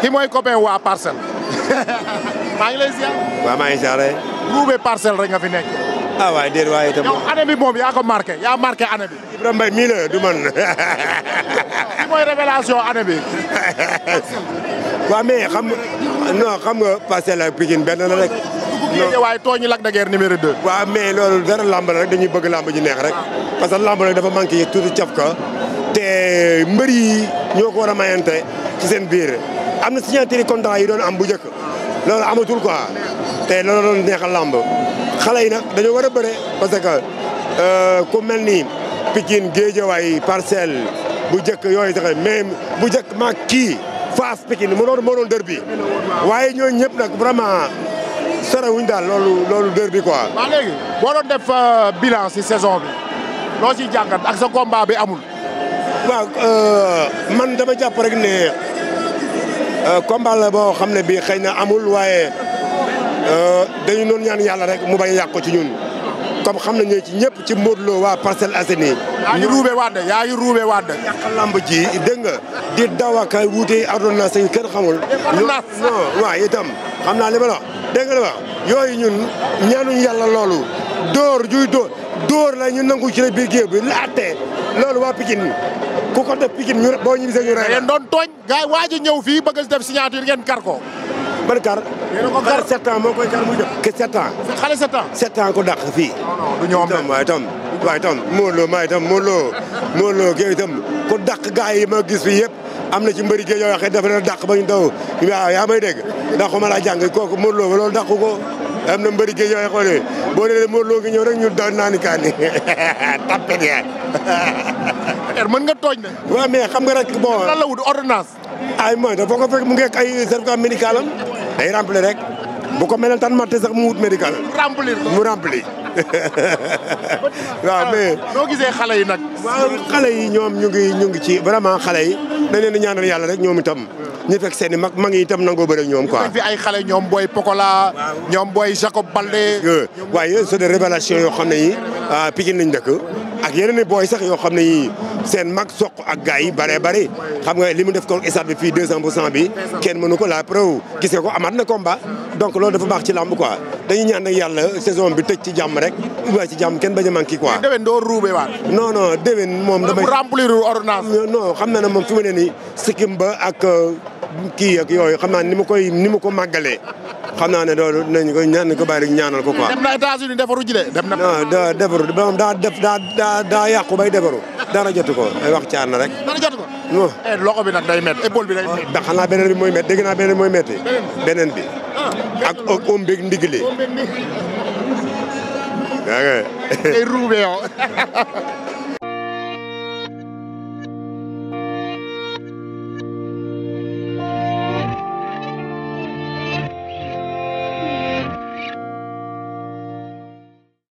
ki mooy copain waa parcelle. maa ngi lay maa ngi ziare. ruube parcelle rek nga fi nekk. ah waay déedéet waaye itam. yow moom yaa ko marqué yaa marqué année bi. Ibrahima Mbaye mii la du man. ki mooy révélation xam nga non xam nga parcelle ak Pikine benn la rek. waaye tooñu Lac de Guiers numéro 2. waa mais loolu dara làmb la rek dañuy bëgg làmb ji neex rek. Ah. parce que làmb dafa manqué tuuti cafka. te mbër yi ñoo ko war mayante ci seen biir. am na signature contrat yi doon am bu njëkk loolu amatul quoi te loolu doon neexal làmb xale yi nag dañoo war a bëre parce que euh, ku mel ni Pikine Guédiawaye Parcelles bu njëkk yooyu sax même bu njëkk ma kii Fass Pikine moo doon moo doon dër bi waaye ñooñu ñëpp nag vraiment sorewuñ daal loolu loolu dër bi quoi. waaw léegi boo doon def euh, bilan si saison bi loo ciy jàngat ak sa combat bi amul. waaw euh, man dama jàpp rek ne. Euh, combat la boo xam ne bii xëy na amul waaye euh, dañu noonu ñaan yàlla rek mu bañ a yàq ci ñun comme xam nañu ci ñëpp ci Modou Lo waa Parcelles Assainies. yaa ngi ruube Wade yaa ngi ruube Wade. yàq lamb ji dégg nga di daw ak wuute ordonnance yi kenn xamul. non waaw xam naa li ma la wax yooyu ñun ñaanuñu yàlla loolu dóor juy dóor dóor ñu nangu ci la biir géew bi la loolu waa Pikine ku ko def Pikine ñu boo ñibisee ñu rey la. yéen doon tooñ gars yi a ñëw fii bëgg def signature ngeen kar ko. ban kar. yéen ko kar 7 ans moo koy kar muy def. que 7 ans. xale ko dàq fii. du maay tam Mawlo Mawlo Guèye ku dàq gars yi ma gis fii yëpp. am na ci mbëri géej yoo xam ne dafa leen ba ñu daw waaw yaa may dégg ndax xuma laa jàng kooku Mawlo loolu dàq ko. am na mbëri géej yoo xoolee boo nee Modou Lo ngi ñëw rek ñu daan naa ni kaan yaa mën nga tooñ na waaw mais xam nga rek bon lan la wut ordonnance ay mooy dafa ko fekk mu ngeek ay certificat médical am day remplir rek bu ko melal tan matte sax mu wut médical remplir mu remplir waaw mais noo gisee xale yi nag waaw xale yi ñoom ñu ngi ñu ngi ci vraiment xale yi dañ leen di ñaanal yàlla rek ñoom itam ñu fekk seen i mag mag yi itam nangoo bëri ak ñoom quoi. ñu fi ay xale ñoom booy Pokola. ñoom booy Jacob Balde. waaye c'est des révélations yoo xam ne yi ah, Pikine lañ dëkk ak yeneen i booy sax yoo xam ne yi seen mag soq ak gars yi bare bare xam nga li mu def ko stade bi fii 200 pour cent bi kenn mënu ko la preuve gis ko amaat na combat donc loolu dafa baax ci lamb quoi. dañuy ñaan nag yàlla saison bi tëj ci jàmm rek ubbiwaat ci jàmm kenn bañ a manqué quoi. déwén doo ruubee waat. non non déwén moom. dama damay remplir ordonnance. no xam na ne moom fi mu ne nii sikkim ba ak euh, kii ak yooyu xam naa ni ma koy ni ma ko màggalee. xam naa ne loolu nañ ko ñaan ko bàyyi rek ñaanal ko quoi. dem na États-Unis defaru ji de. dem na daa defaru moom daa def daa daa daa yàqu bay defaru. dara jotu ko ay wax caar na rek. dara jotu ko. non eh, loxo bi nag day métti épaule bi day oh, métti. xanaa beneen bi mooy métti dégg naa beneen bi mooy métti beneen bi. ak oom beeg ndigle.